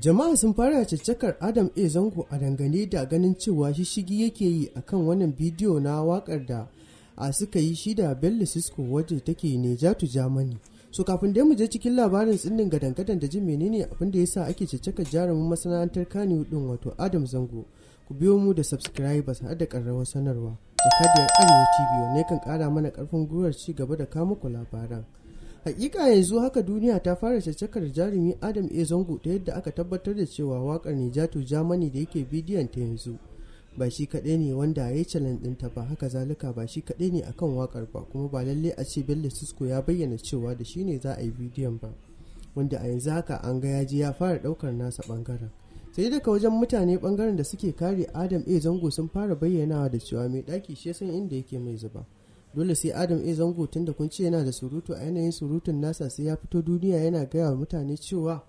jama'a sun fara caccakar adam a zango a dangane da ganin cewa shi shigi yake yi akan wannan bidiyo na wakar da a suka yi shi da bello cisco wadda take ne jatu germany so kafin dai mu je cikin labarin tsinnin gadangadan gadan da ji menene abin da sa ake caccakar jarumin masana'antar kani hudun wato adam zango ku biyo mu da subscribers har da karrawar sanarwa jakadiyar arewa tv ne kan kara mana karfin gwiwar ci gaba da kamuku labaran hakika yanzu haka duniya ta fara caccakar jarumi adam a zango ta yadda aka tabbatar da cewa wakar nijato germany da yake bidiyon ta yanzu ba shi kaɗai ne wanda ya yi calan ɗinta ba haka zalika ba shi kaɗai ne akan wakar ba kuma ba lallai a ce bello sisko ya bayyana cewa da shi ne za a yi bidiyon ba wanda a yanzu haka an ga je ya fara ɗaukar nasa ɓangaren sai daga wajen mutane ɓangaren da suke kare adam a zango sun fara bayyanawa da cewa mai ɗaki shi san inda yake mai zuba dole sai adam a zango tun da kun ce yana da surutu a yanayin surutun nasa sai ya fito duniya yana gaya wa mutane cewa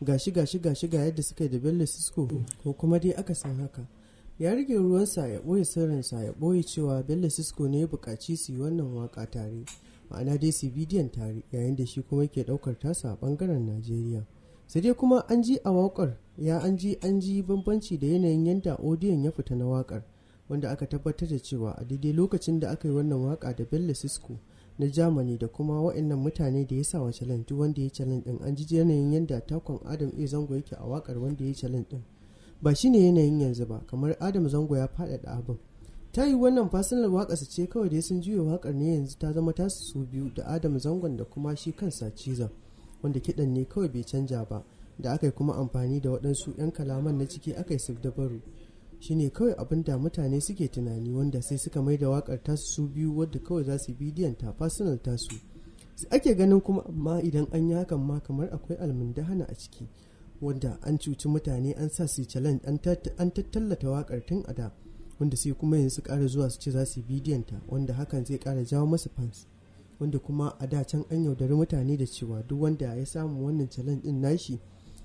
gashi gashi gashi ga yadda suka yi da bello cisco ko kuma dai aka san haka ya rage ruwansa ya ɓoye sirrinsa ya ɓoye cewa bello cisco ne ya buƙaci su yi wannan waka tare ma'ana dai su bidiyon tare yayin da shi kuma ke ɗaukar tasa a bangaren najeriya sai dai kuma an ji a waƙar ya an ji an ji bambanci da yanayin yadda odiyon ya fita na waƙar wanda aka tabbatar da cewa a daidai lokacin da aka yi wannan waka da bello sisko na germany da kuma wa'annan mutane da ya sa wa challenge wanda ya challenge din an ji yanayin yadda takon adam a zango yake a wakar wanda ya challenge din ba ne yanayin yanzu ba kamar adam zango ya faɗaɗa abin ta yi wannan fasilar su ce kawai da sun juya wakar ne yanzu ta zama tasu su biyu da adam zangon da kuma shi kansa cizon wanda kiɗan ne kawai bai canja ba da aka yi kuma amfani da waɗansu 'yan kalaman na ciki aka yi sif dabaru shine kawai abin da mutane suke tunani wanda sai suka mai da wakar tasu su biyu wadda kawai za su bidiyon ta fasinar tasu su ake ganin kuma amma idan an yi hakan ma kamar akwai almundahana a ciki wanda an cuci mutane an sa su challenge an tattallata wakar tun a da wanda sai kuma yanzu kara zuwa su ce za su yi ta wanda hakan zai kara jawo masu fans wanda kuma a da can an yaudari mutane da cewa duk wanda ya samu wannan calan din nashi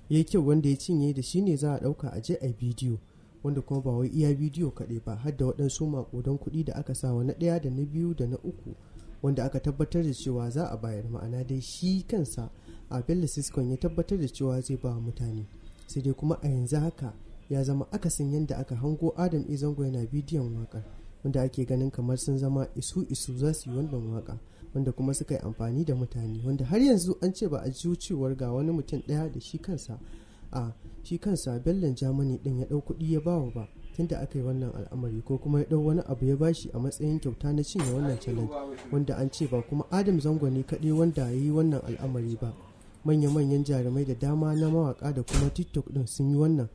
yayi kyau wanda ya cinye da shine za a ɗauka a je a bidiyo wanda kuma ba wai iya bidiyo kaɗai ba har da waɗansu maƙudan kuɗi da aka sawa na ɗaya da na biyu da na uku wanda aka tabbatar da cewa za a bayar ma'ana dai shi kansa a bello siskon ya tabbatar da cewa zai ba mutane sai dai kuma a yanzu haka ya zama akasin yadda aka hango adam izango yana bidiyon wakar wanda ake ganin kamar sun zama isu isu za su yi wannan waƙa wanda kuma suka yi amfani da mutane wanda har yanzu an ce ba a ji cewar ga wani mutum ɗaya da shi kansa a shi kansa bellan Jamani din ya dau kuɗi ya bawa ba tunda aka yi wannan al'amari ko kuma ya dau wani abu ya bashi a matsayin kyauta na cinye wannan challenge wanda an ce ba kuma adam zango ne kaɗai wanda ya yi wannan al'amari ba manya-manyan jarumai da dama na mawaka da kuma tiktok din sun yi wannan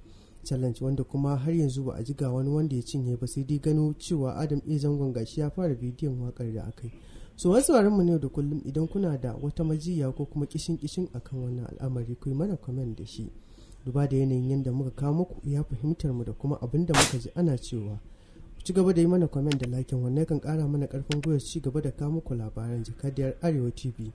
challenge wanda kuma har yanzu ba a ji ga wani wanda ya cinye ba sai dai gano cewa adam iya zangon gashi ya fara bidiyon wakar da aka yi so wasu mu ne da kullum idan kuna da wata majiya ko kuma kishin kishin akan wannan al'amari ku yi mana comment da shi duba da yanayin yadda muka kawo muku iya fahimtar mu da kuma abin da muka ji ana cewa ku ci gaba da yi mana kwamen da lakin wannan kan kara mana karfin gwiwa ci gaba da kawo muku labaran jikadiyar arewa tv